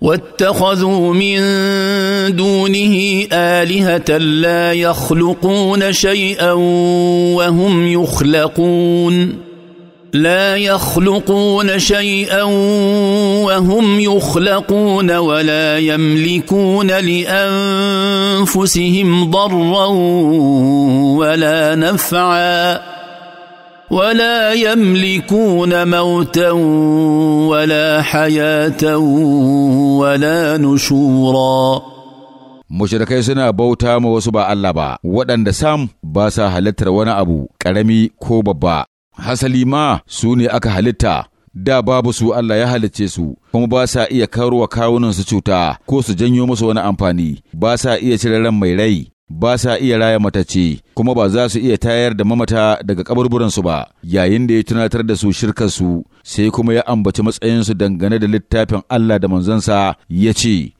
واتخذوا من دونه الهه لا يخلقون شيئا وهم يخلقون لا يخلقون شيئا وهم يخلقون ولا يملكون لانفسهم ضرا ولا نفعا ولا يملكون موتا ولا حياه ولا نشورا mushrikai suna bauta ma wasu ba Allah ba waɗanda sam ba sa halittar wani abu ƙarami ko babba hasali ma su ne aka halitta da babu su Allah ya halicce su kuma ba sa iya karuwa kawunan su cuta ko su janyo musu wani amfani ba sa iya cire ran mai rai ba sa iya raya matace kuma ba za su iya tayar da mamata daga kaburburansu ba yayin da ya tunatar da su shirkarsu sai kuma ya ambaci matsayinsu dangane da littafin Allah da manzansa ya ce